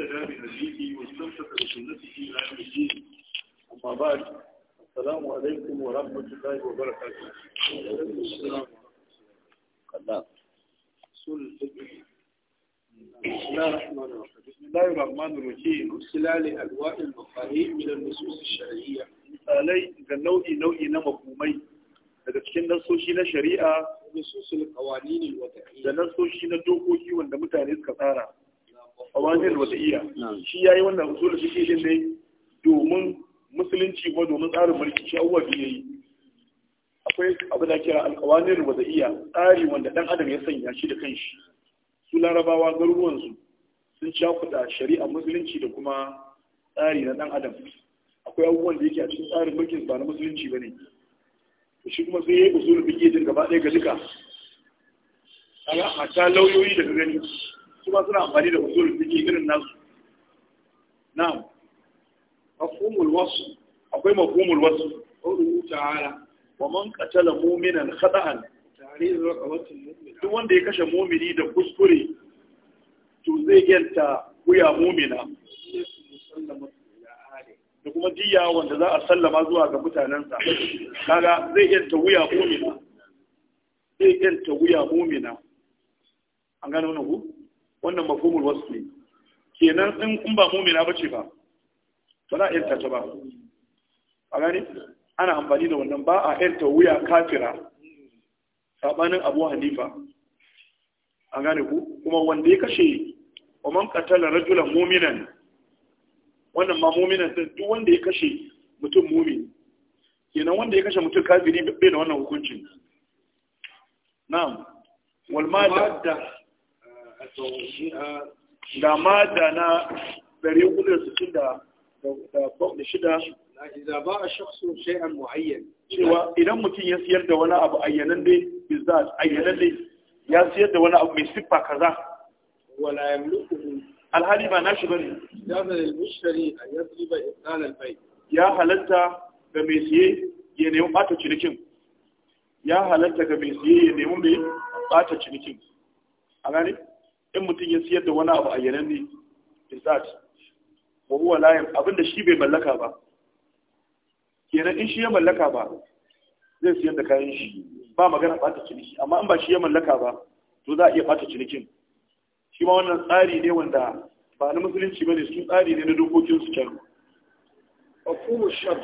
اهتدى بهديه واستمسك بسنته الى يوم الدين اما بعد السلام عليكم ورحمه الله وبركاته بسم الله الرحمن الرحيم بسم الله الرحمن الرحيم استلال انواع المفاهيم من النصوص الشرعيه misalai ga nau'i nau'i na makumai daga cikin nasoshi na shari'a da nasoshi na dokoki wanda mutane suka tsara awamir Wata'iyya shi yayi wannan usul fiqh din ne domin musulunci ko domin tsarin mulki shi awwa biye yi akwai abu da kira alqawanir Wata'iyya tsari wanda dan adam ya sanya shi da kanshi su larabawa garuruwan su sun cakuɗa shari'a musulunci da kuma tsari na dan adam akwai abubuwan da yake a cikin tsarin mulkin ba na musulunci bane to shi kuma sai yi usul fiqh din gaba ɗaya ga duka kaga hatta lauyoyi daga gani su suna amfani da usul fiqi irin nasu na'am mafhumul wasu akwai mafhumul wasf qawluhu ta'ala wa man qatala mu'minan khata'an ta'rizu raqabatil mu'min duk wanda ya kashe mu'mini da kuskure to zai yanta wuya mu'mina da kuma jiya wanda za a sallama zuwa ga mutanensa kaga zai yanta wuya mu'mina zai yanta wuya mu'mina an gano wannan ku wannan mafhumul wasu ne kenan in kun ba mumina bace ba ba za a ta ba a gani ana amfani da wannan ba a yarta wuya kafira sabanin abu hanifa a gane ku kuma wanda ya kashe man katala rajulan muminan wannan ma muminan sun duk wanda ya kashe mutum mumin kenan wanda ya kashe mutum kafiri bai da wannan hukuncin na'am wal madda da mada na 466 idza ba'a shakhsun an muhayyar cewa idan mutum ya siyar da wani abu ayyanan dai bizzat ayyanan dai ya siyar da wani abu mai siffa kaza wala yamliku alhali ba nashi bane ya da mushtari an ba ibtal bai ya halatta ga mai siye ya nemi bata cinikin ya halatta ga mai siye ya nemi mai bata cinikin a gani in mutum ya siyar da wani abu a yanar ne isat wa huwa layin abinda shi bai mallaka ba kenan in shi ya mallaka ba zai siyar da kayan shi ba magana bata ciniki amma in ba shi ya mallaka ba to za a iya bata cinikin shi ma wannan tsari ne wanda ba na musulunci ba ne su tsari ne na dokokin su kyaru mafhumu shan,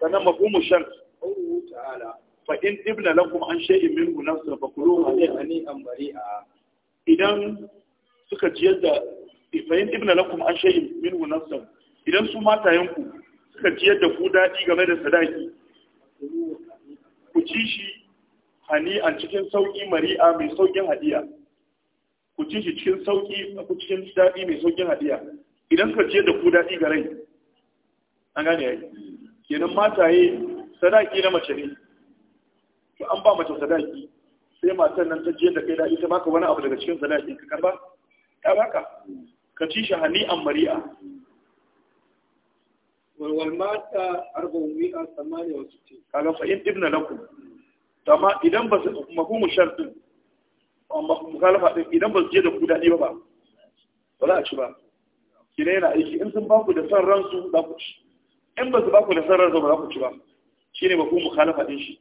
sannan mafhumu shan. Allah ta'ala fa in ibna lakum an shay'in minhu nafsan fakuluhu hani'an mari'a idan suka ciyar da ifayin ibn lakum an shayin min wunansan idan su matayenku suka ciyar da ku daɗi game da sadaki ku ci shi hani a cikin sauƙi mari'a mai sauƙin hadiya ku ci shi cikin sauƙi a cikin daɗi mai sauƙin hadiya idan suka ciyar da ku daɗi ga rai an gane yayi kenan mataye sadaki na mace ne to an ba mace sadaki sai matan nan ta je da kai da ita baka wani abu daga cikin sadaki ka karba ya baka ka ci shi hani an mari'a walwal mata arba'un mi'a samaniya wa sittin kaga fa in ibna lakum amma idan ba su mafhumu shartin mukhalafa din idan ba su je da ku dadi ba ba ba za a ci ba kina yana aiki in sun baku da san ransu za ku ci in ba su baku da san ransu ba za ku ci ba shine mafhumu mukhalafa din shi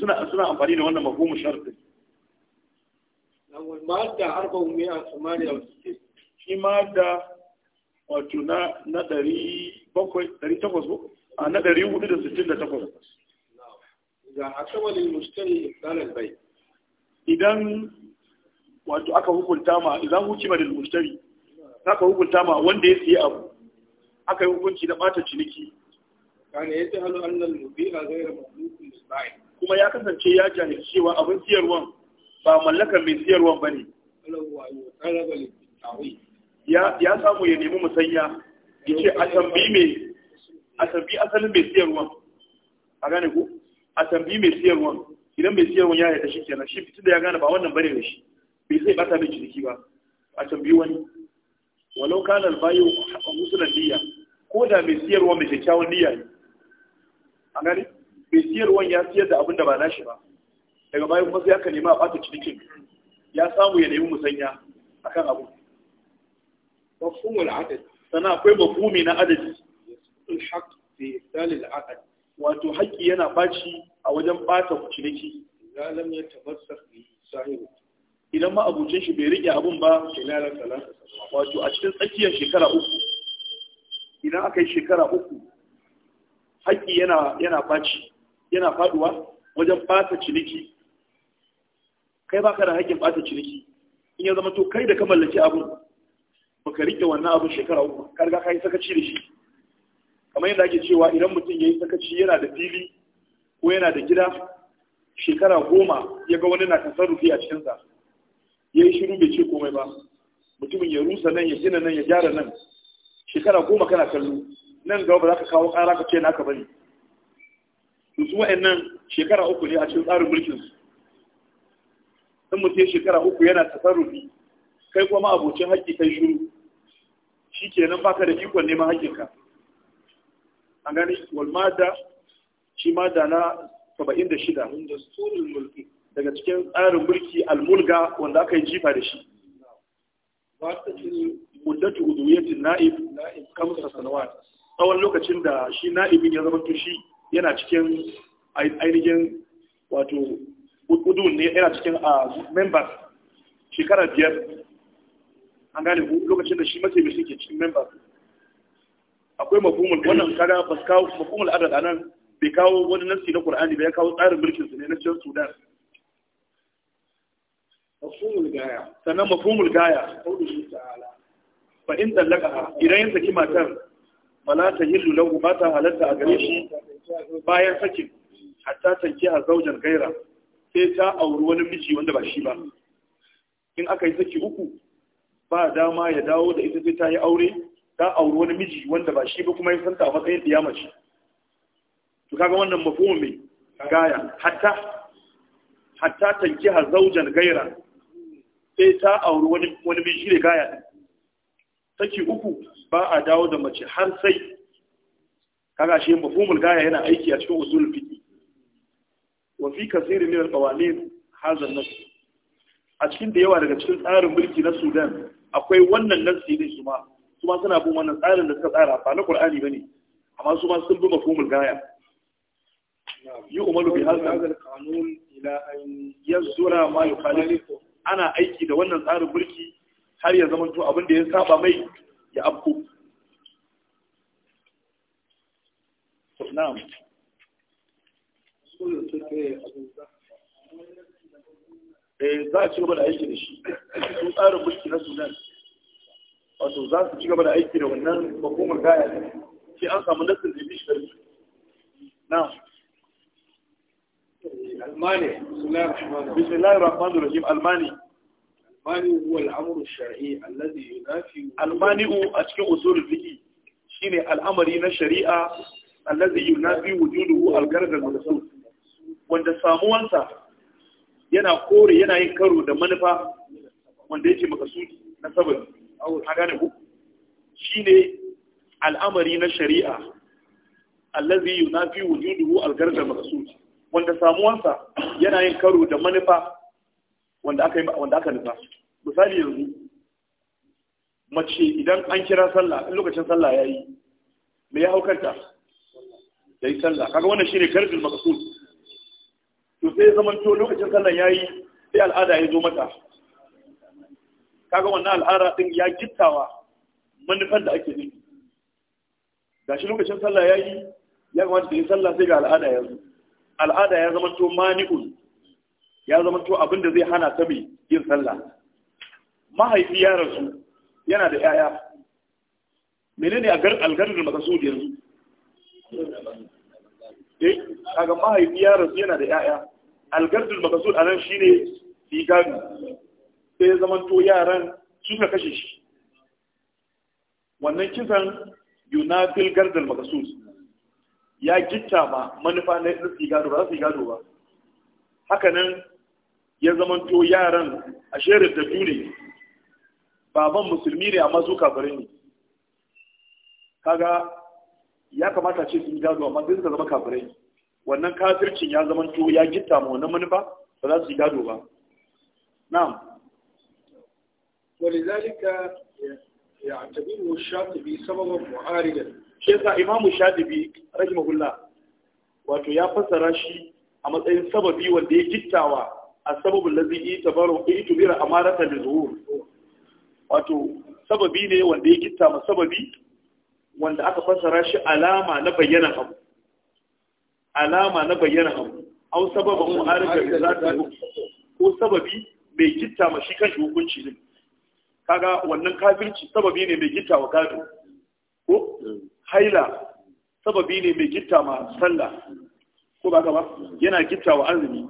suna suna amfani da wannan mafhumin sharti nan madda arba'u mi'a samaniya shi madda wato na na ɗari bakwai ɗari takwas ko a na ɗari hudu da sittin da takwas ga akamalin mustari ibdalan bai idan wato aka hukunta ma idan ma da mustari aka hukunta ma wanda ya siya abu aka yi hukunci da ɓata ciniki kana yadda halu annal mubi'a ghayra mamlukin bil kuma ya kasance ya jahilci cewa abin siyarwan ba mallaka mai siyarwan ba ne ya samu ya nemi musanya ya ce a tambi mai a tambi asalin mai siyarwan a gane ku a tambi mai siyarwan idan mai siyarwan ya yarda shi kenan shi fitin da ya gane ba wannan bane da shi bai zai bata mai ciniki ba a tambi wani walau kana albayu a musulun niyya ko da mai siyarwan mai kyakkyawan niyya ne a gane mai wani ya siyar da abin da ba nashi ba daga bayan kuma sai aka nema a ɓata cinikin ya samu ya nemi musanya akan abu sana akwai mafumi na adadi in haq fi da adad wato haƙƙi yana baci a wajen ɓata ciniki zalam ya tabassar da su. idan ma abucin shi bai rike abun ba wato a cikin tsakiyar shekara uku idan aka yi shekara uku haƙƙi yana yana baci yana faduwa wajen bata ciniki kai baka da haƙƙin bata ciniki in ya zama to kai da ka mallaki abin baka rike wannan abun shekara uku ka riga ka yi sakaci da shi kamar yadda ake cewa idan mutum ya yi sakaci yana da fili ko yana da gida shekara goma ya ga wani na tasarrufi a cikinsa ya yi shiru bai ce komai ba mutumin ya rusa nan ya gina nan ya gyara nan shekara goma kana kallo nan gaba ba za ka kawo ƙara ka ce naka bane su wa'annan shekara uku ne a cikin tsarin mulkin su in mutum shekara uku yana tasarrufi kai kuma abocin haƙƙi kai shiru nan baka da ikon neman haƙƙinka A gani walmada shi mada na 76 daga cikin tsarin mulki almulga wanda aka yi jifa da shi muddatu uduwiyatin na'ib kamsa sanawa tsawon lokacin da shi na'ibin ya zama tushi yana cikin ainihin wato udun ne yana cikin a ah, members shekara biyar an gane lokacin da shi mataimashi ke cikin members akwai mafumul wannan kaga ba su kawo mafumul adad anan bai kawo wani nasi na Qur'ani ba ya kawo tsarin mulkin su ne na cikin Sudan mafumul gaya sannan mafumul gaya qawluhu ta'ala fa in dallaka idan yin saki matar Malata, ta hillu lahu ba ta halatta a gare shi bayan sakin hatta tanki a zaujar gaira sai ta auri wani miji wanda ba shi ba in aka yi saki uku ba dama ya dawo da ita sai ta yi aure ta auri wani miji wanda ba shi ba kuma ya santa a matsayin diyama shi. to kaga wannan mafhumin mai gaya hatta hatta tanki a zaujan gaira sai ta auri wani wani miji da gaya saki uku ba a dawo da mace har sai kaga shi mafhumul gaya yana aiki a cikin usul fiqi wa fi kaseerin min alqawanin hadha an a cikin da yawa daga cikin tsarin mulki na Sudan akwai wannan nasi ne su ma su ma suna bin wannan tsarin da suka tsara ba na Qur'ani bane amma su ma sun bi mafhumul gaya yi umaru bi hadha al-qanun ila an yazura ma yukhalifu ana aiki da wannan tsarin mulki har ya zama abin da ya saba mai ya afko na'am eh za a ci gaba da aiki da shi Su tsarin mulki na sunan. wato za su ci gaba da aiki da wannan hukumar gaya ne sai an samu nasir da bishi karfi na almani bismillahir rahmanir rahim almani Almani huwa al'amru shar'i allazi yunafi shi ne a cikin usulul fiqh shine al'amari na shari'a allazi yunafi wujuduhu al-gardal maqsud wanda samuwansa yana kore yana yin karo da manufa wanda yake makasudi na sabon a gane ku shine al'amari na shari'a allazi yunafi wujuduhu al-gardal maqsud wanda samuwansa yana yin karo da manufa wanda aka nufa misali yanzu mace idan an kira sallah lokacin sallah ya yi me ya haukanta ya yi sallah kaga wannan ne karfin makasul to sai ya zamanto lokacin sallah ya yi sai al'ada ya zo mata kaga wannan al'ada din ya gittawa manufan da ake nufi shi lokacin sallah ya yi ya kamata da yi sallah sai ga al'ada ya zo al'ada ya zamanto mani'un ya zamanto abinda abin da zai hana ta mai yin sallah mahaifi ya rasu yana da yaya menene algarin da yanzu eh kaga mahaifi ya rasu yana da yaya algarin makasudi anan shine igami sai ya to yaran suka kashe shi wannan kisan yunafil gardal makasud ya gitta ma manufa na yi gado ba za su yi gado ba hakanan ya to yaran a shirin da ne baban musulmi ne amma zuka bare ne kaga ya kamata ce sun gado amma sai suka zama kafare wannan kafircin ya zama to ya gitta mu wannan manufa ba za su yi gado ba na'am ولذلك يعتبره الشاطبي سببا معارضا شيخ امام الشاطبي رحمه الله wato ya fassara shi a matsayin sababi wanda ya gittawa a sababin lazi yi tabaru ita bira amaratan da zuwa wato sababi ne wanda ya kitta ma sababi wanda aka fassara shi alama na bayyana abu alama na bayyana abu au sababa mu harika da za ta ko sababi mai kitta ma shi kanshi hukunci ne kaga wannan kafirci sababi ne mai gitta wa gado ko haila sababi ne mai gitta ma sallah ko ba ka ba yana gitta wa azumi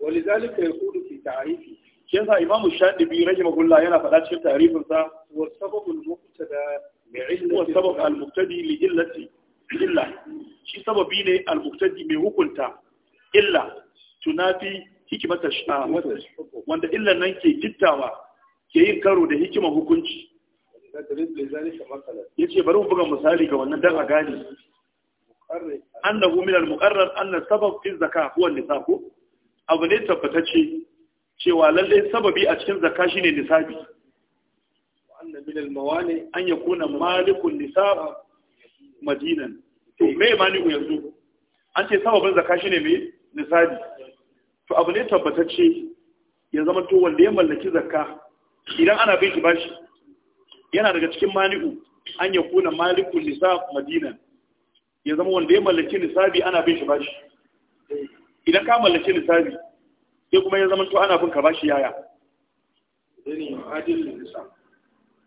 ولذلك يقول في تعريفه shi yasa imamu shadibi rahimahullah yana faɗa cikin tarihin sa wa sababul muqtada wa sabab al muqtadi li illa shi sababi ne al muqtadi mai hukunta illa tunafi hikimata shah wanda illan nan ke gittawa ke yin karo da hikimar hukunci yace bari mu buga misali ga wannan dan a gane annahu min al muqarrar anna sabab fi zakah huwa nisab abu ne tabbatacce cewa lalle sababi a cikin zakka shine nisabi anna min al-mawani an yakuna malikun nisab madinan to me maliku yanzu an ce sababin zakka shine me nisabi to abu ne tabbatacce ya zama to wanda ya mallaki zakka idan ana bin shi bashi yana daga cikin maliku an yakuna malikun nisab madinan ya zama wanda ya mallaki nisabi ana bin shi bashi idan ka mallaki nisabi sai kuma ya zama to ana bin ka bashi yaya dani adil nisab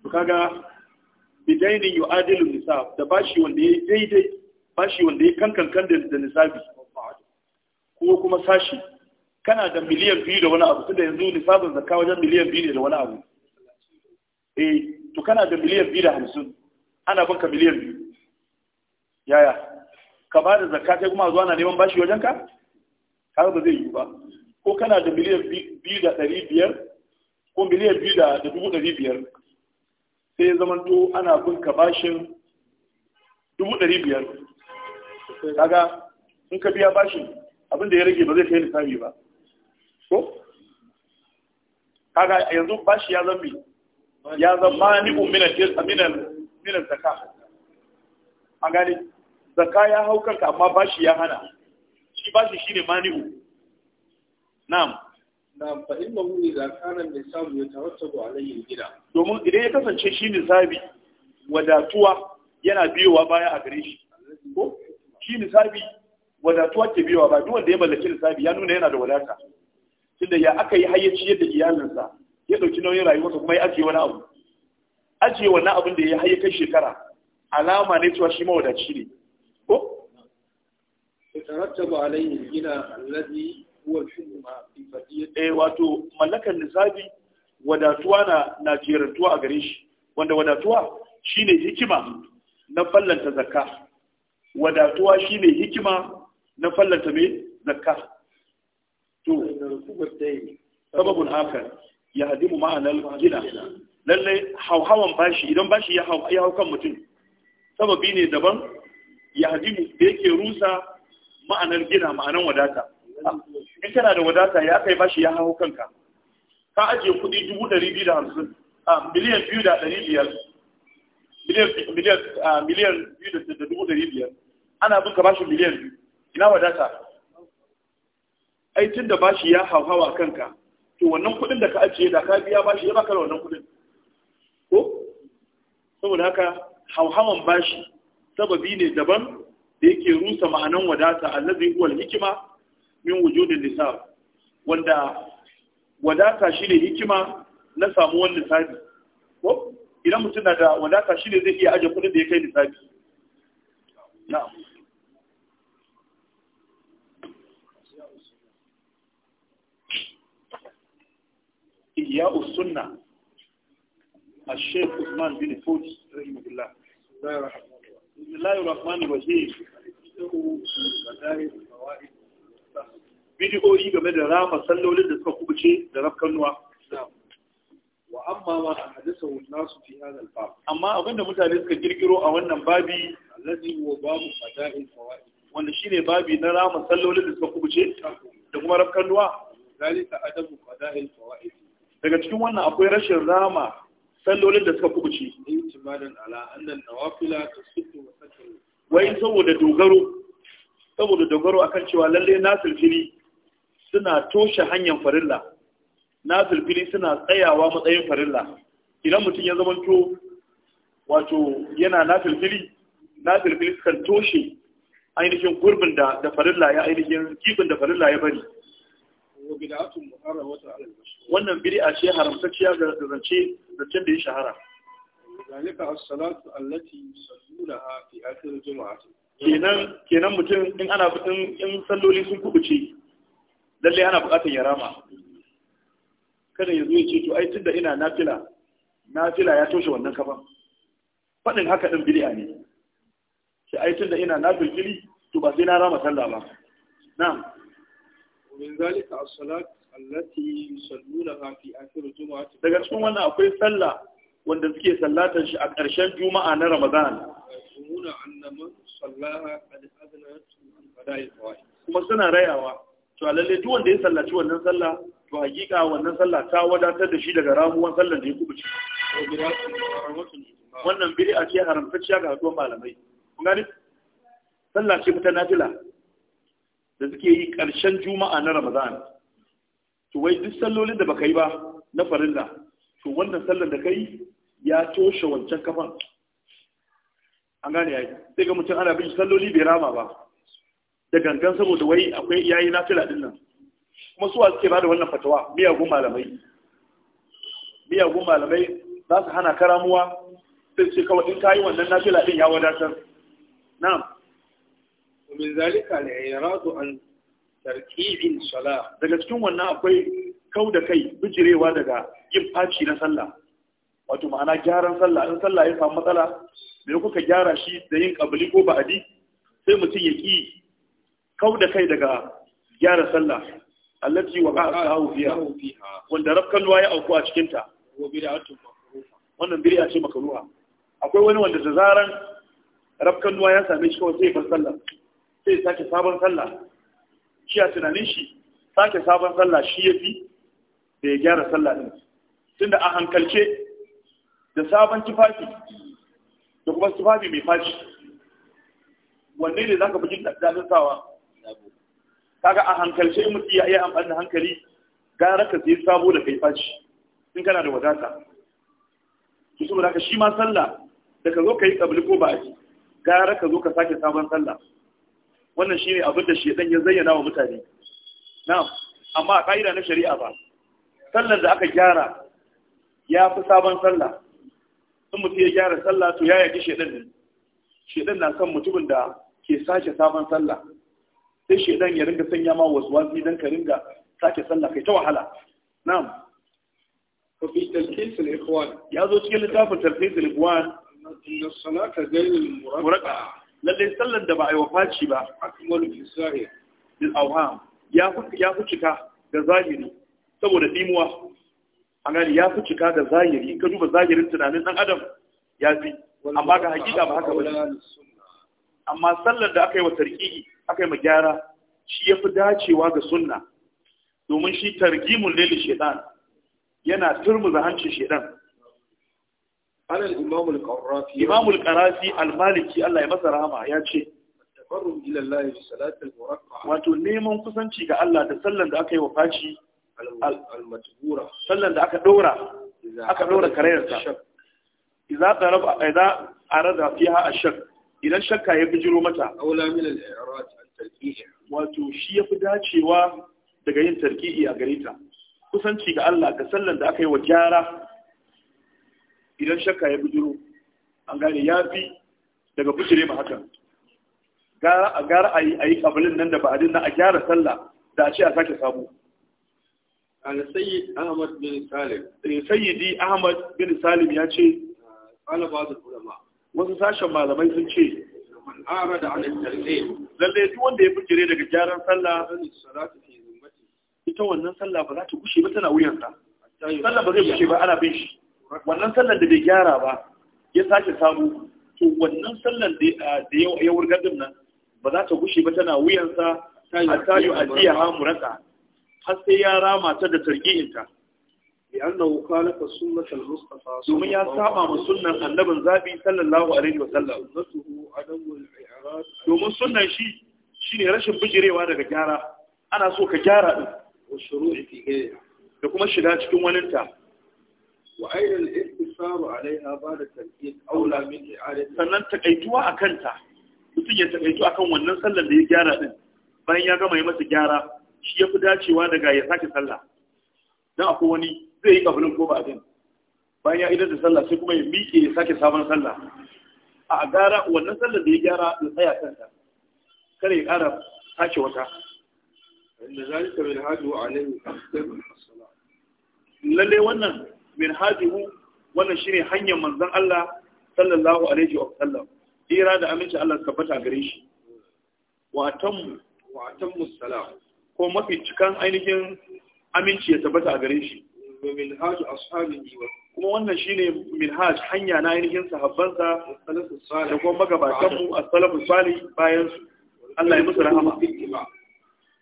to kaga bidaini yu'adilu nisab da bashi wanda ya daidai bashi wanda ya kankan da nisabi ko kuma sashi kana da miliyan biyu da wani abu tunda yanzu nisabin zakka wajen miliyan biyu ne da wani abu eh to kana da miliyan biyu da hamsin ana ka miliyan biyu yaya ka ba da zakka sai kuma zuwa na neman bashi wajen ka kaga ba zai yi ba ko kana da miliyan biyu da ɗari biyar ko miliyan biyu da dubu ɗari biyar sai ya zamanto ana bin ka bashin dubu ɗari biyar kaga in ka biya bashin abin da ya rage ba zai kai lissafi ba ko kaga yanzu bashi ya zambi ya zama ni umminan minan zaka an gane zaka ya hau kanka amma bashi ya hana shi bashi shine mani'u na'am na'am fa inna hu idza kana nisabu yatawattabu alayhi al-gida domin idan ya kasance shi nisabi wadatuwa yana biyowa baya a gare shi ko shi nisabi wadatuwa ke biyowa ba duk wanda ya mallaki nisabi ya nuna yana da wadata tunda ya aka yi hayyaci yadda iyalinsa ya dauki nauyin rayuwarsa kuma ya ajiye wani abu ajiye wannan abin da ya haye kai shekara alama ne cewa shi mawadaci ne ko tarattaba alayhi gina allazi huwar hizma fi ya eh wato mallakar nisabi wadatuwa na najerantuwa a gare shi wanda wadatuwa shi ne hikima na fallanta zakka wadatuwa shi ne hikima na fallanta me zakka to sababin haka ya hadimu ma'anar gina lallai hauhawan bashi idan bashi ya hau kan mutum sababi ne daban ya hadimu da yake rusa ma'anar gina ma'anar wadata in kana da wadata ya kai bashi ya hau kanka ka ajiye kuɗi dubu ɗari biyu da hamsin a miliyan biyu da biyar miliyan biyu da dubu ɗari biyar ana bin ka bashi miliyan biyu ina wadata ai tun da bashi ya hawa kanka to wannan kuɗin da ka ajiye da ka biya bashi ya baka wannan kuɗin ko saboda haka hauhawan bashi sababi ne daban da yake rusa ma'anan wadata allazi huwal hikima min wujudin lisab wanda wadata shi ne hikima na samuwar lissafi ko idan mutum na da wadata shi ne zai iya aje kudin da ya kai lissafi na'am إياء السنة الشيخ عثمان بن فوج رحمه الله بسم الله الرحمن الرحيم bidiyoyi game da rama sallolin da suka kubuce da rafkanuwa wa amma ma a hadisa nasu fi yana alfafa. amma abinda mutane suka girgiro a wannan babi allazi wa babu fada'in fawaid wanda shi ne babi na rama sallolin da suka kubuce da kuma rafkanuwa zalika adabu fada'in fawaid daga cikin wannan akwai rashin rama sallolin da suka kubuce intimadan ala annan nawafila tasuddu wa sakru wai saboda dogaro saboda dogaro akan cewa lalle na filfili suna toshe hanyar farilla na filfili suna tsayawa matsayin farilla idan mutum ya zamanto wato yana na filfili na filfili sukan toshe ainihin gurbin da da farilla ya ainihin kifin da farilla ya bari wannan bid'a ce haramtacciya ga zance zancen da ya shahara zalika as-salatu allati fi akhir kenan kenan mutum in ana in salloli sun kubuce lalle ana buƙatar ya rama kada ya zo ya ce to ai tunda ina nafila nafila ya toshe wannan kafan faɗin haka ɗin bid'a ne sai ai tunda ina nafil fili to ba sai na rama sallah ba na'am min zalika as-salat allati yusallunaha fi akhir jumu'ah daga cikin wannan akwai sallah wanda suke sallatar shi a ƙarshen juma'a na Ramadan kuma suna rayawa to lalle duk wanda ya sallaci wannan sallah to hakika wannan sallah ta wadatar da shi daga ramuwan sallar da ya kubuce wannan bid'a ce haramtacciya ga haduwar malamai kun gani sallah ce ta nafila da suke yi karshen juma'a na ramadan to wai duk sallolin da baka yi ba na farilla to wannan sallar da kai ya toshe wancan kafan an gane yayi sai ga mutum ana bin salloli bai rama ba da gangan saboda wai akwai yayi fila din nan kuma suwa suke bada wannan fatawa miyagun malamai miyagun malamai za su hana karamuwa sai ce kawai in kayi wannan fila din ya wadatar na'am min zalika ya iradu an tarki'in salah daga cikin wannan akwai kau da kai bijirewa daga yin faci na sallah wato ma'ana gyaran sallah in sallah ya samu matsala me kuka gyara shi da yin kabili ko ba'adi sai mutum ya ki kau da kai daga gyara sallah allati wa qa'ahu fiha wanda rafkan ya auku a cikin ta wannan bid'a ce makruha akwai wani wanda da zaran rafkan ya same shi kawai sai bar sallah sai sake sabon sallah shi a tunanin shi sake sabon sallah shi ya fi da ya gyara sallah din tunda a hankalce da sabon tufafi da kuma tufafi mai fashi wanne ne zaka fi jin dadin sawa kaga a hankalce mutu ya yi amfani da hankali gara ka sai sabo da kai fashi, in kana da wadata Su saboda ka shi ma sallah da ka zo ka yi kabli ko ji gara ka zo ka sake sabon sallah wannan shine abin da shedan ya zayyana wa mutane na'am amma a ka'ida na shari'a ba sallar da aka gyara ya fi sabon sallah in mutum ya gyara sallah to ya yaki shedan ne shedan na kan mutumin da ke sake sabon sallah sai dan ya ringa sanya ma waswasi dan ka ringa sake sallah kai ta wahala na'am fa fi talqis al-ikhwan ya zo cikin littafin talqis al-ikhwan inna salata lalle sallan da ba ai wafaci ba akmalu fi zahir bil awham ya fi ya ku cika da zahiri saboda dimuwa an gani ya fi cika da zahiri in ka duba zahirin tunanin dan adam ya fi amma ga hakika ba haka ba amma sallar da aka yi wa tarkihi aka yi ma gyara shi ya fi dacewa ga sunna domin shi targimun lili shaidan yana turmuza hancin shaidan alal imamul qarafi imamul al-maliki Allah ya masa rahama ya ce tabarrum ila Allah salatil muraqqa wato neman kusanci ga Allah da sallan da aka yi wa faci al sallan da aka dora aka dora karayarsa idza tarab idza arada fiha ash-shakk idan shakka ya bijiro mata aula min al-i'rad al wato shi ya fi dacewa daga yin tarki'i a gare ta kusanci ga Allah ka sallan da aka yi wa gyara idan shakka ya bijiro an gane ya fi daga bijire ma hakan gara a gara ayi ayi kabilin nan da ba adin nan a gyara sallah da a ce a sake sabo al-sayyid Ahmad bin Salim sayyidi Ahmad bin Salim ya ce ba. ulama wasu sashen malamai sun ce man lalle duk wanda ya bijire daga gyaran sallah ita wannan sallah ba za ta gushe ba tana wuyansa sallah ba zai gushe ba ana bin shi wannan sallar da bai gyara ba ya sake samu to wannan sallar ah, da ya wurga din nan ba za ta gushe ba tana wuyansa a tayo ajiya ha murata har sai ya rama ta da targi'inta لأنه خالف سنة المصطفى ثم يسامع من سنة النبي الزابي صلى الله عليه وسلم سنته عدم الإعراض ثم سنة شيء شيء رشم بجري وانا كجارة أنا سوى كجارة والشروع في غيرها لكم الشداد شكم ولنتا وأين الاستفسار عليها بعد التنكيد أولى من إعادة sannan takaituwa a mutum ya takaitu akan wannan sallar da ya gyara din bayan ya gama yi masa gyara shi ya fi dacewa daga ya sake sallah don akwai wani zai yi kafin ko ba din bayan ya idar da sallah sai kuma ya miƙe ya sake sabon sallah a gara wannan Sallah da ya gyara ya tsaya kanta kare ya ƙara sake wata inda zalika min hadu alaihi lalle wannan min hadu wannan shine hanyar manzon Allah sallallahu alaihi wa sallam ira da aminci Allah tabbata gare shi wa tam wa tam ko mafi cikan ainihin aminci ya tabbata a gare shi wa minhaj ashabihi wa kuma wannan shine minhaj hanya na ainihin sahabbansa da kuma magabatan mu as-salafus salih bayan su Allah ya musu rahama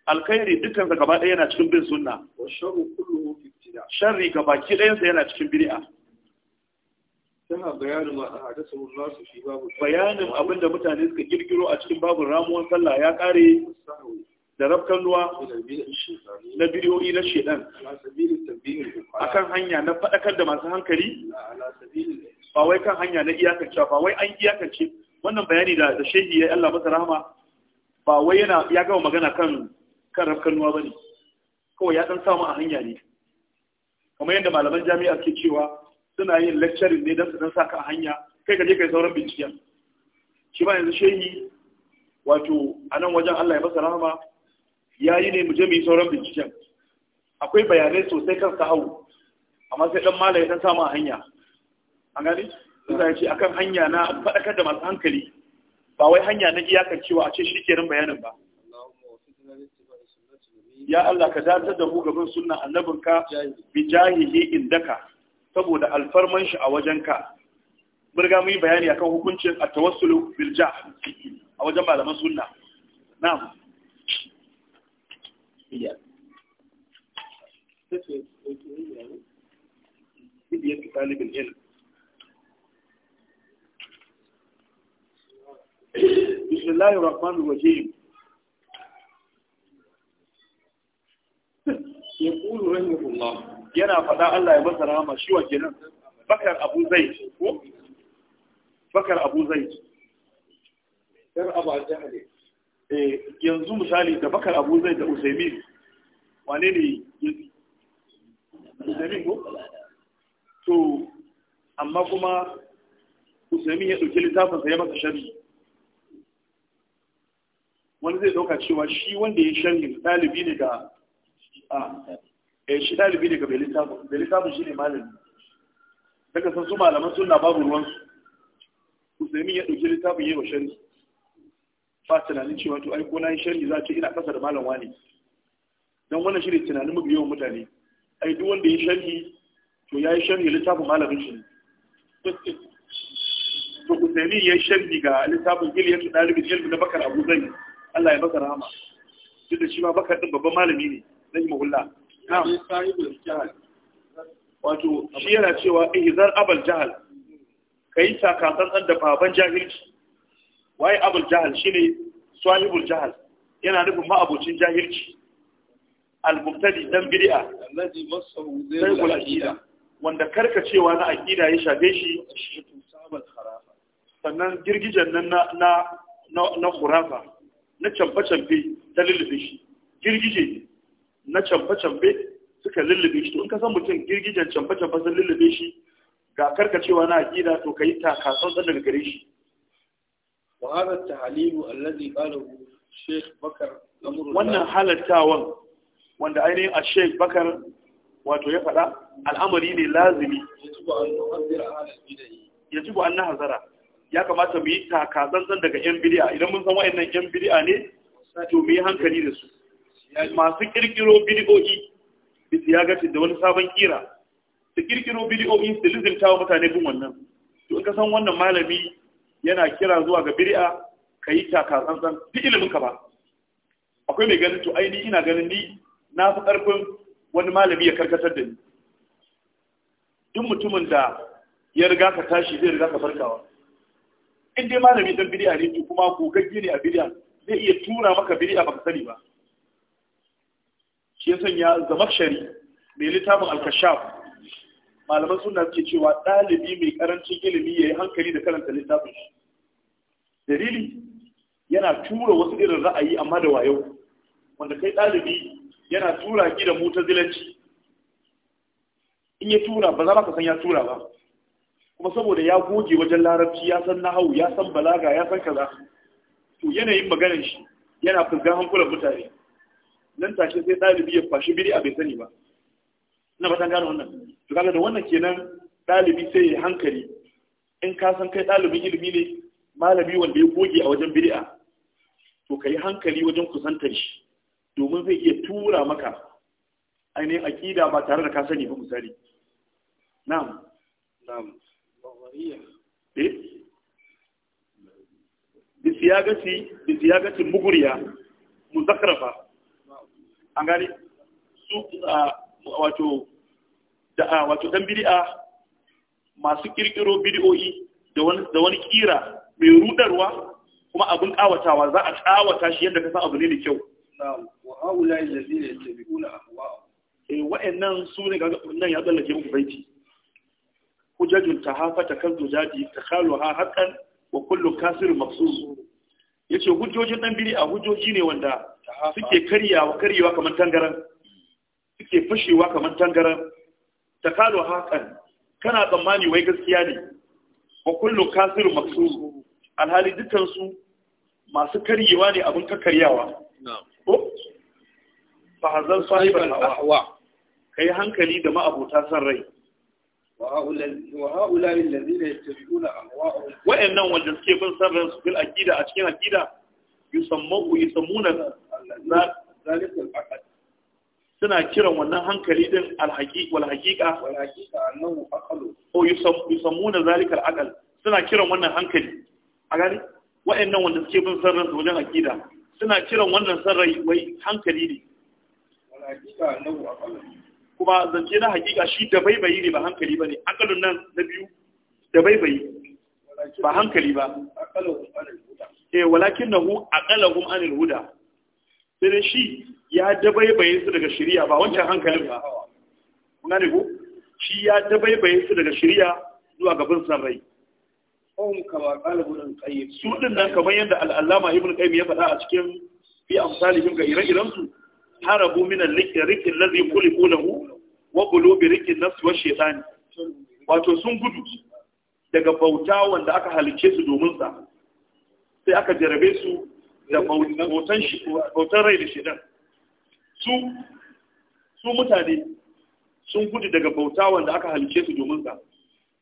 alkhairi dukkan sa gaba ɗaya yana cikin bin sunna wa sharru kulluhu fi sharri gaba ki ɗayan sa yana cikin bid'a bayanin abinda mutane suka girgiro a cikin babun ramuwan sallah ya kare da rafkan ruwa na bidiyoyi na shedan kan hanya na faɗakar da masu hankali ba wai kan hanya na iyakance ba wai an iyakance wannan bayani da da shehi ya Allah masa rahama ba wai yana ya gama magana kan kan rafkan ruwa bane kawai ya dan samu a hanya ne kamar yadda malaman jami'a ke cewa suna yin lecturing ne don su dan saka a hanya kai ka je kai sauran binciken shi ba yanzu shehi wato a nan wajen Allah ya masa rahama ya yi ne mu je mu yi sauran binciken akwai bayanai sosai kan sahau amma sai dan malai dan samu hanya an gani sai ya ce akan hanya na faɗakar da masu hankali ba wai hanya na iyakar cewa a ce shi kenan bayanin ba ya Allah ka datar da mu gaban sunna annabinka bi jahili indaka saboda alfarman shi a ka mun ga mun bayani akan hukuncin at tawassul bil jahl a wajen malaman sunna na'am iya bismillahi rahmanir rahim ya kulu yana fada Allah ya masa rahama shi wake nan bakar abu zai ko bakar abu zai Eh, yanzu misali da bakar abu zai da usaimin wane ne usaimin ko? to amma kuma usaimin ya ɗauki littafin sa ya masa shari wani zai ɗauka cewa shi wanda ya shari ɗalibi ne ga a eh, shi ɗalibi ne ga bai littafin shi ne malami daga san su malaman suna babu ruwansu usaimin ya ɗauki littafin ya yi wa shari ba tunanin cewa to ai ko na yi za ta ina kasa da malam wani don wannan shi tunanin mafi yawan mutane ai duk wanda ya sharhi to ya yi sharhi littafin malamin shi ne to Usaini ya yi sharhi ga littafin tuɗa rubin Ilmi na Bakar Abu Zai Allah ya baka rahama duk da shi ma Bakar din babban malami ne zai mahulla na'am wato shi yana cewa ihzar abal jahal kai sakasan da baban jahilci waye abul jahal shine sahibul jahal yana nufin ma'abocin jahilci al-mubtadi dan bid'a allazi masahu zayrul aqida wanda karkacewa na aqida ya shafe shi sannan girgijen nan na na na khurafa na camfe-camfe ta lullube shi girgije na canfa-canfe suka lullube shi to in ka san mutum girgijen canfa-canfa sun lullube shi ga karkacewa na aqida to kai ta kasan daga gare shi wa hadha tahlilu alladhi qalahu Sheikh Bakar wannan halartawan wanda ainihin a Sheikh Bakar wato ya faɗa al'amari ne lazimi yajibu an nahzara ya kamata mu yi takazanzan daga yan bid'a idan mun san wayannan yan bid'a ne to mu yi hankali da su masu kirkiro bid'o'i bisa ya gace da wani sabon kira su kirkiro bid'o'i su lizimta wa mutane bin wannan to in ka san wannan malami yana kira zuwa ga ka yi taka tsantsan fi ilimin ka ba akwai mai ganin to ai ina ganin ni na fi karfin wani malami ya karkatar da ni duk mutumin da ya riga ka tashi zai riga ka farkawa in dai malami dan biri'a ne kuma gaggi ne a biri'a zai iya tura maka biri'a baka sani ba shi ya sanya zamakshari mai littafin al malaman suna suke cewa ɗalibi mai karancin ilimi ya yi hankali da karanta littafin shi dalili yana tura wasu irin ra'ayi amma da wayo wanda kai ɗalibi yana tura ki da zilanci. in ya tura ba za ka san ya tura ba kuma saboda ya goge wajen larabci ya san nahawu ya san balaga ya san kaza to yanayin maganar shi yana fuskan hankulan mutane nan take sai ɗalibi ya fashi biri a bai sani ba ina fatan gane wannan to kaga da wannan kenan dalibi sai ya hankali in ka san kai dalibin ilimi ne malami wanda ya goge a wajen bid'a to kai hankali wajen kusantar shi domin zai iya tura maka ainihin aqida ba tare da ka sani ba misali na'am na'am eh da bisiyagatin muguriya muzakrafa an gane su wato da a wato ɗan bidi'a masu ƙirƙiro bidi'o'i da wani ƙira mai rudarwa kuma abin ƙawatawa za a ƙawata shi yadda ka san abu ne da kyau. Eh, wa'annan su ne nan ya tsallake muku baiti. Hujjajun ta hafa ta kan zujaji ta kalu ha haƙan wa kullum kasirin maksus. Ya ce hujjojin ɗan biri hujjoji ne wanda suke karyawa karyewa kamar tangaran. Suke fashewa kamar tangaran. ta kalo hakan kana tsammani wai gaskiya ne wa kullu kafiru maksu alhali dukansu masu karyewa ne abin kakaryawa ko fa hazan sahibal ahwa kai hankali da ma'abota san rai wa haula alladhina yattabi'una ahwa'ahum wa innahum wal jaskiyun sarra fil aqida a cikin aqida yusammu yusammuna na suna kiran wannan hankali din alhaqiq wal haqiqa wal haqiqa annahu aqalu ko yusammuna zalika al suna kiran wannan hankali a gani wa'annan wanda suke bin sarran su wajen aqida suna kiran wannan sarrai wai hankali ne wal haqiqa annahu aqalu kuma zance na haqiqa shi da baibayi ne ba hankali bane aqalun nan na biyu da baibayi ba hankali ba aqaluhum anil huda eh walakinnahu aqalahum anil huda sai shi ya dabaibaye su daga shari'a ba wancan hankalin ba kuna ne ko shi ya dabaibaye su daga shari'a zuwa gaban san rai hum kama qala ibn qayyim su din nan kamar yadda al-allama ibnu qayyim ya faɗa a cikin fi amsalihim ga ire-iren su harabu min al-liqriq alladhi khuliqu lahu wa qulubi an nafs wa shaytan wato sun gudu daga bauta wanda aka halice su domin sa sai aka jarabe su da bautan rai da shaytan su mutane sun gudu daga bauta wanda aka halice su domin sa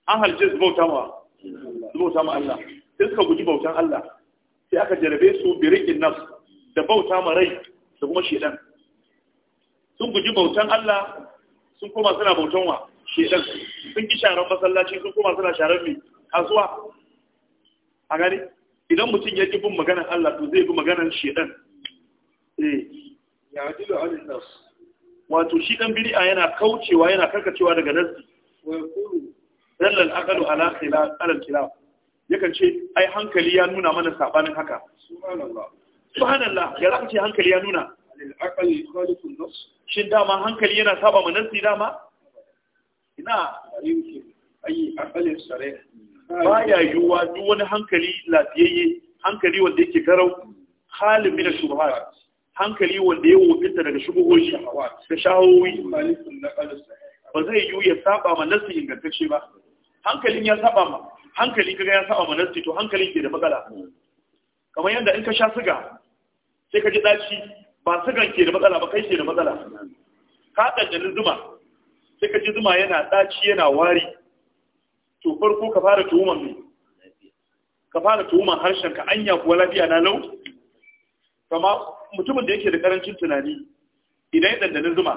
an halice su bauta ma su bauta ma Allah sai suka guji bautan Allah sai aka jarabe su birikin nas da bauta ma rai da kuma shedan sun guji bautan Allah sun koma suna bautan wa shedan sun ki sharan masallaci sun koma suna sharan mai kasuwa a gani idan mutum ya ki bin maganar Allah to zai bi maganar shedan eh ya alin nas wato shi dan bid'a yana kaucewa yana karkacewa daga nasi wa yaqulu dalal al-aqlu ala khilaf ala khilaf yakan ce ai hankali ya nuna mana sabanin haka subhanallah subhanallah ya ce hankali ya nuna al-aqli khalifu an-nas shin dama hankali yana saba ma nasi dama ina yumkin ai aqli sarih baya yiwuwa duk wani hankali lafiyayye hankali wanda yake garau halin min shubhat hankali wanda ya wofinta daga shubuhoshi da shahawoyi ba zai yiwu ya saba ma nasi ingantacce ba hankalin ya saba ma hankali kaga ya saba ma nasi to hankali ke da matsala kamar yadda in ka sha siga sai ka ji daci ba sigan ke da matsala ba kai ke da matsala ka ɗanɗani zuma sai ka ji zuma yana daci yana wari to farko ka fara tuhuman ne ka fara tuhuman harshen ka anya kuwa lafiya na lau kama mutumin da yake da karancin tunani idan ya dandana zuma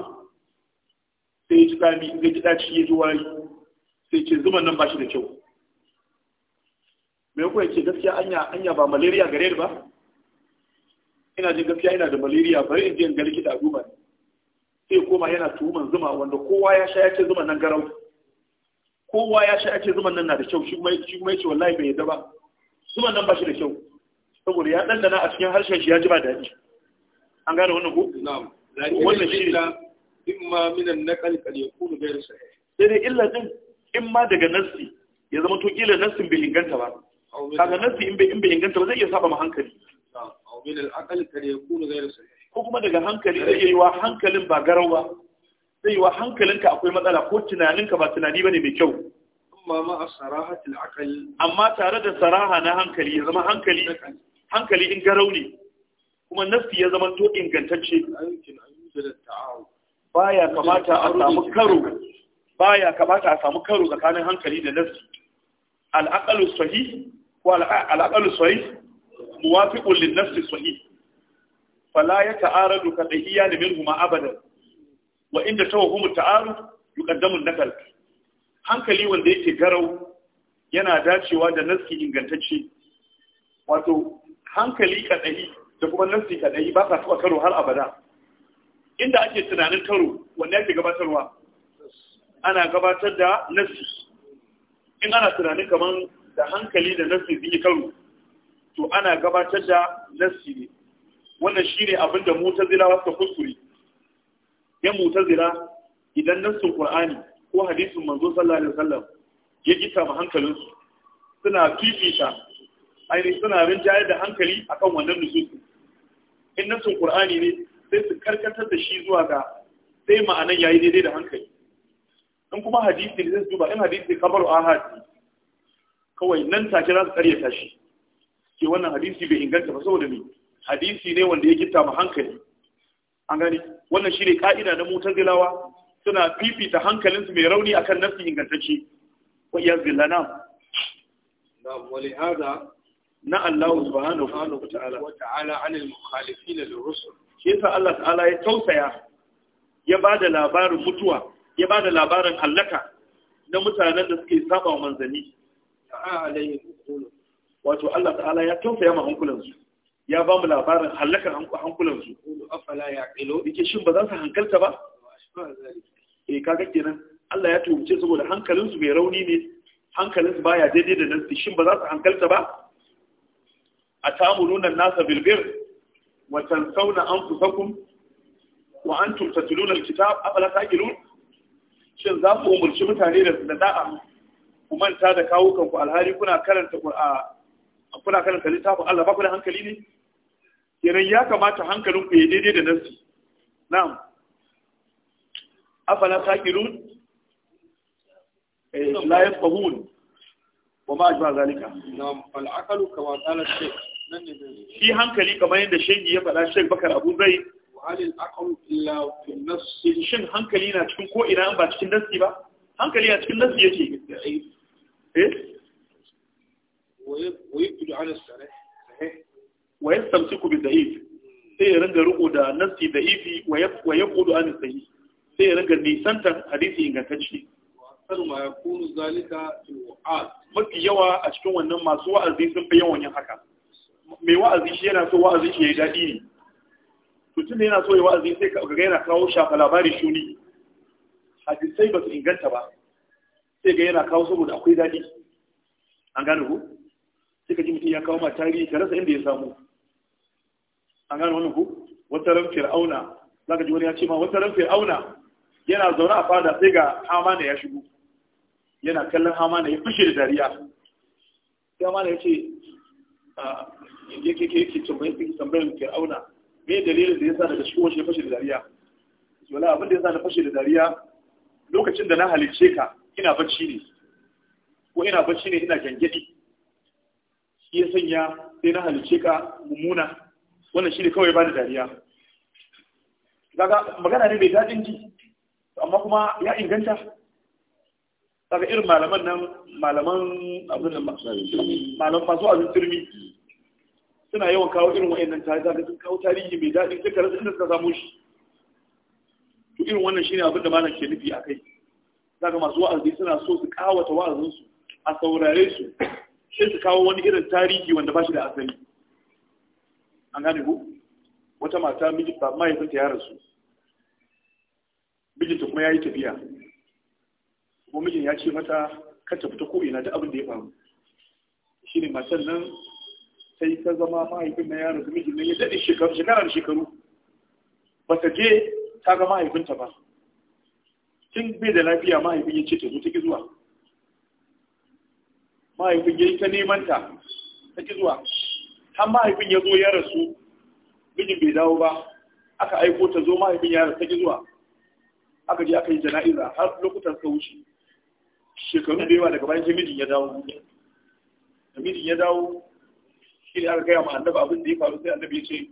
sai ya ci tsami ya ji ɗaci ya ji wari sai ce zuman nan ba shi da kyau mai kuwa ce gaskiya anya anya ba malaria gare ni ba ina jin gaskiya ina da malaria bari in je in ga likita a duba sai koma yana tuhuman zuma wanda kowa ya sha ya ce zuman nan garau kowa ya sha ya ce zuman nan na da kyau shi kuma ya ce wallahi bai yadda ba zuman nan ba shi da kyau saboda ya ɗandana a cikin harshen shi ya ji ba daɗi an gane wannan ku? wannan shi in minan na kalkal ya kunu sai dai illa din in ma daga nassi ya zama to kila nassin bai inganta ba kaga nassi in bai in bai inganta ba zai iya saba ma hankali min al aqal kal ya kunu ko kuma daga hankali zai iya yiwa hankalin ba garau ba zai yiwa hankalinka akwai matsala ko tunaninka ba tunani bane mai kyau amma ma aqal amma tare da saraha na hankali ya zama hankali hankali in garau ne kuma nafsi ya zama to ingantacce baya kamata a samu karo baya kamata a samu karo tsakanin hankali da nafsi al'aqalu sahih ko al'aqalu sahih muwafiqun lin nafsi sahih fala yata'aradu ka dahiya minhu ma abadan wa inda tawahum ta'aru yuqaddamu an-nakal hankali wanda yake garau yana dacewa da nafsi ingantacce wato hankali kadai da kuma nafsi kadai ba sa taɓa karo har abada inda ake tunanin karo wanda ake gabatarwa ana gabatar da nafsi in ana tunanin kamar da hankali da nafsi sun yi karo to ana gabatar da nafsi ne wannan shi ne abin da mutazila wasu kuskure yan mutazila idan nafsin qur'ani ko hadisin manzo sallallahu alaihi wasallam ya gita ma hankalinsu suna fifita ainihin suna jayar da hankali akan wannan nususu in nasin ƙur'ani ne sai su karkatar da shi zuwa ga sai ma'anan yayi daidai da hankali in kuma hadisi ne zai duba in hadisi kabaru hadisi kawai nan take za su karyata shi ke wannan hadisi bai inganta ba saboda me hadisi ne wanda ya gitta ma hankali an gani wannan shi ne ka'ida na mutazilawa suna fifita hankalinsu mai rauni akan nafsi ingantacce wa iya zilla na wali hada na Allah subhanahu wa ta'ala wa ta'ala anil mukhalifin lil shi yasa Allah ta'ala ya tausaya ya bada labarin mutuwa ya bada labarin halaka na mutanen da suke saba wa manzanni wato Allah ta'ala ya tausaya ma hankulan su ya ba mu labarin halakar hankulan su afala ya qilo yake shin ba za su hankalta ba eh kaga kenan Allah ya tuhumce saboda hankalin su bai rauni ne hankalin su baya daidai da nan shin ba za su hankalta ba atamuruna an-nasa bil birr wa tansawna anfusakum wa antum tatluna al-kitab afala taqilun shin za ku umurci mutane da da'a ku manta da kawo kanku alhali kuna karanta kuna karanta littafin Allah ba ku da hankali ne kenan ya kamata hankalinku ya daidai da nafsi na'am afala taqilun لا يفقهون وما أشبه ذلك نعم العقل كما قال الشيخ shi hankali kamar yadda shegi ya faɗa shek bakar abu zai shin hankali na cikin ko ina ba cikin nasi ba hankali na cikin nasi yake eh? wa yastamsiku bi da'if sai ya ringa riko da nasi da'ifi wayan kudu an sahih sai ya ringa nisantar hadisi ingantacce mafi yawa a cikin wannan masu wa'azi sun fi yawan yin haka mai wa'azi shi yana so wa'azi shi ya yi daɗi ne mutum da yana so ya wa'azi sai ka ga yana kawo shafa labari shuni hadisai ba su inganta ba sai ga yana kawo saboda akwai daɗi an gane ku sai ka ji mutum ya kawo ma tarihi ka rasa inda ya samu an gane wani ku wata ran fir'auna za ka ji wani ya ce ma wata ran fir'auna yana zaune a fada sai ga hamana ya shigo yana kallon hamana ya fushi da dariya sai hamana ya ce yake yake tambayin fir'auna me dalilin da sa daga cikin washe fashe da dariya wala abin da ya sa na fashe da dariya lokacin da na halicce ka ina bacci ne ko ina bacci ne ina gangadi shi ya sanya sai na halicce ka mummuna wannan shi ne kawai ba da dariya kaga magana ne mai daɗin ji amma kuma ya inganta kaga irin malaman nan malaman abin da malaman masu a turmi suna yawan kawo irin wa'annan tarihi kaga sun kawo tarihi mai daɗi duka rasu inda suka samu shi to irin wannan shine abin da malam ke nufi a kai kaga masu wa'azi suna so su kawata wa'azinsu a saurare su sai su kawo wani irin tarihi wanda ba shi da asali an gane ku wata mata miji ba ta ya rasu mijinta kuma ya yi tafiya ko mijin ya ce mata kar ta fita ko'ina da abin da ya faru ne matan nan sai ta zama mahaifin na yaro mijin nan ya daɗe shekara da shekaru ba ta je ta ga mahaifinta ba tun bai da lafiya mahaifin ya ce ta zo ta ki zuwa mahaifin ya yi ta neman ta ta ki zuwa Ta mahaifin ya zo ya rasu mijin bai dawo ba aka aiko ta zo mahaifin ya rasu ta ki zuwa aka je aka yi jana'iza har lokutan ka wuce shekaru da yawa daga bayan sai mijin ya dawo da mijin ya dawo shi ne aka gaya ma annaba abin da ya faru sai annaba ya ce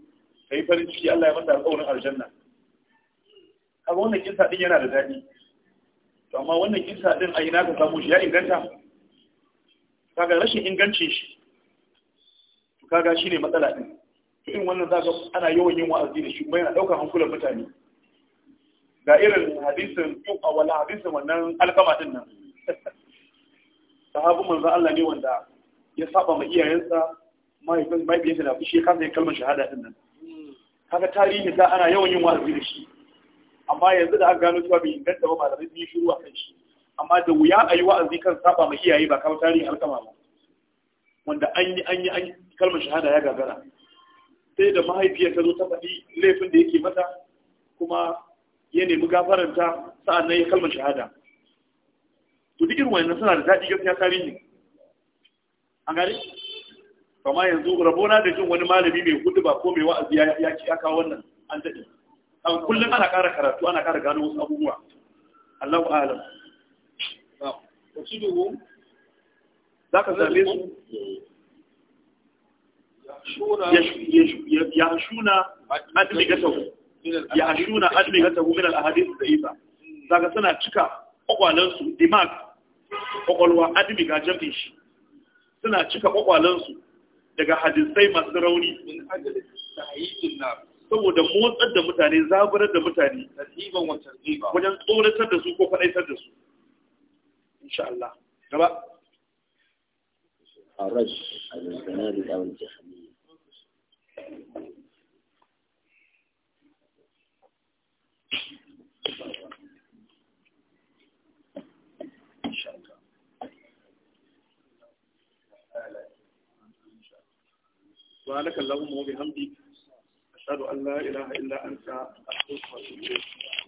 ka yi farin ciki Allah ya masa alƙawarin aljanna kaga wannan kisa din yana da daɗi to amma wannan kisa din a ina ka samu shi ya inganta kaga rashin ingancin shi to kaga shine matsala din to irin wannan zaka ana yawan yin wa'azi da shi kuma yana daukar hankulan mutane ga irin hadisin yau a wala hadisin wannan alkama din nan sahabin manzo Allah ne wanda ya saba ma iyayensa mahaifin mahaifiyarsa da fushi kansa ya kalmar shahada din nan kaga tarihi da ana yawan yin wa'azi da shi amma yanzu da aka gano cewa bai inganta ba malamai sun yi shiru a kan shi amma da wuya a yi wa'azi kan saba ma iyaye ba kamar tarihi alkama ba wanda an yi an yi an kalmar shahada ya gagara sai da mahaifiyar ta zo ta faɗi laifin da yake mata kuma ya nemi gafaranta sa'an nan ya kalmar shahada to duk irin wannan suna da daɗi gaskiya tarihi an gare? kamar yanzu rabona da jin wani malami mai hudu ba ko mai wa'azi ya ya kawo wannan an daɗe an kullum ana ƙara karatu ana ƙara gano wasu abubuwa Allahu a'lam za ka same su ya shuna adligatahu ya shuna adligatahu min al-ahadith da'ifa zaka suna cika kwakwalansu dimag kwakwalwa adami ga jam'in shi suna cika kwakwalansu daga hadisai masu rauni saboda motsar da mutane zaburar da mutane wajen tsoratar da su ko faɗaitar da su insha Allah subhanaka allahumma wa bihamdika ashhadu an la illa anta astaghfiruka wa